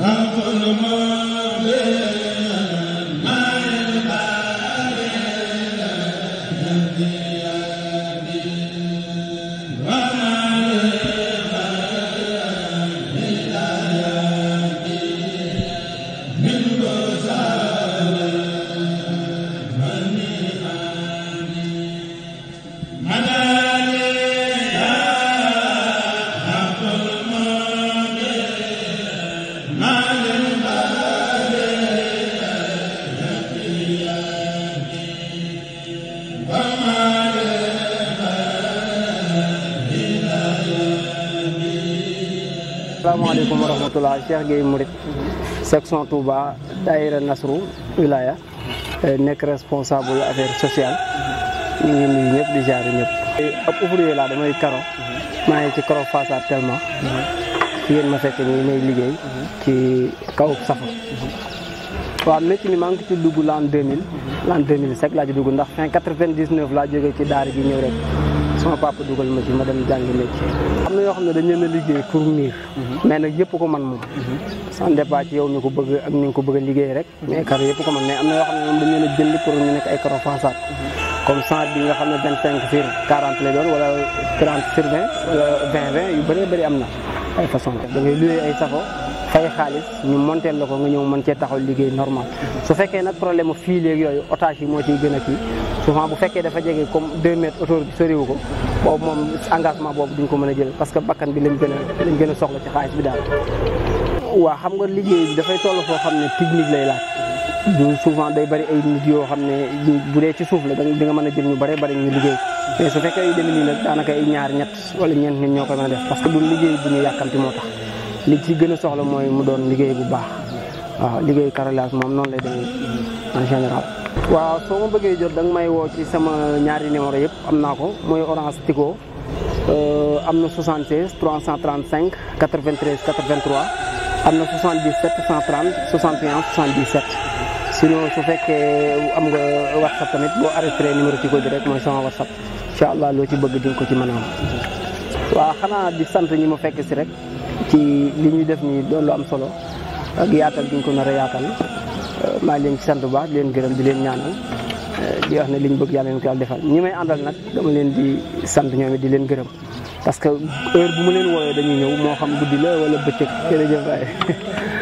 ها ظلمات salaamaaleykum wa rahmatulah Cheikh Gueye Mouride section Touba daayira Nasru wilaya nekk responsable affaire sociale ñu ngi nuyu ñëpp di jaar ñëpp. ab ouvrier laa damay karo maa ngi ci karo façade tellement fi yéen ma fekk nii may liggéey ci kaw safa waaw métti mi maa ngi ci dugg l'an 2000. l'an 2007 laa ci dugg ndax fin 99 laa jógee ci daara ji ñëw rek sama papa dugal ma ci ma dem jàngi métier. am na yoo xam ne dañ leen a liggéey pour miir. Mhm. mais nag yëpp ko man moom. sans mhm. départ ci yow mi ko bëgg ak ni ko bëgg a liggéey rek. mais karo yëpp ko man mais am na yoo xam ne dañ leen a pour ñu nekk ay karo façade. Mhm. comme cent bi nga xam ne vingt cinq sur quarante lay doon wala trente sur vingt wala vingt vingt yu bëri am na ay façon da ngay loué ay safo. fay xaalis ñu monteel la ko nga ñëw mën cee taxaw liggéey normal su fekkee nag problème mu fii léegi yooyu otage yi moo ciy gën a kii souvent bu fekkee dafa jege comme 2 mètres autour bi soriwu ko boobu moom engagement boobu duñ ko mën a jël parce que bakkan bi lañ gën a a soxla ci xaalis bi daal waaw liggéey dafay toll foo xam ne technique lay laaj du souvent day bëri ay nit yoo xam ne bu dee ci suuf la da nga mën a jël ñu bëree bëri ñu liggéey mais su fekkee yu demee nii nag daanaka ay ñaar ñett wala ñeent nit ñoo koy mën a def parce que du liggéey bu ñu yàkkamti moo tax li ci gën soxla mooy mu doon liggéey bu baax waaw liggéey carrelage moom noonu lay demee en général. waaw soo ma bëggee jot da may woo ci sama ñaari numéro yëpp am naa ko mooy Orange Tigo euh, am na 76 335 93 83 am na 77 130 61 77. suñu su fekkee am nga WhatsApp tamit boo arrêté numéro Tigo bi rek mooy sama WhatsApp incha allah loo ci bëgg di ko ci man a am. xanaa di ñi ma fekk si rek. ci li ñuy def nii doon lu am solo ak yaatal gi ko nar a yaatal euh, maa ngi leen ci sant bu baax leen gërëm di leen ñaanal euh, di wax ne li ñu bëgg yàlla leen ko yàlla defal ñi may àndal nag dama leen di sant ñoom di leen gërëm parce que heure bu ma leen woowee dañuy ñëw moo xam guddi la wala bëccëg jërëjëf waaye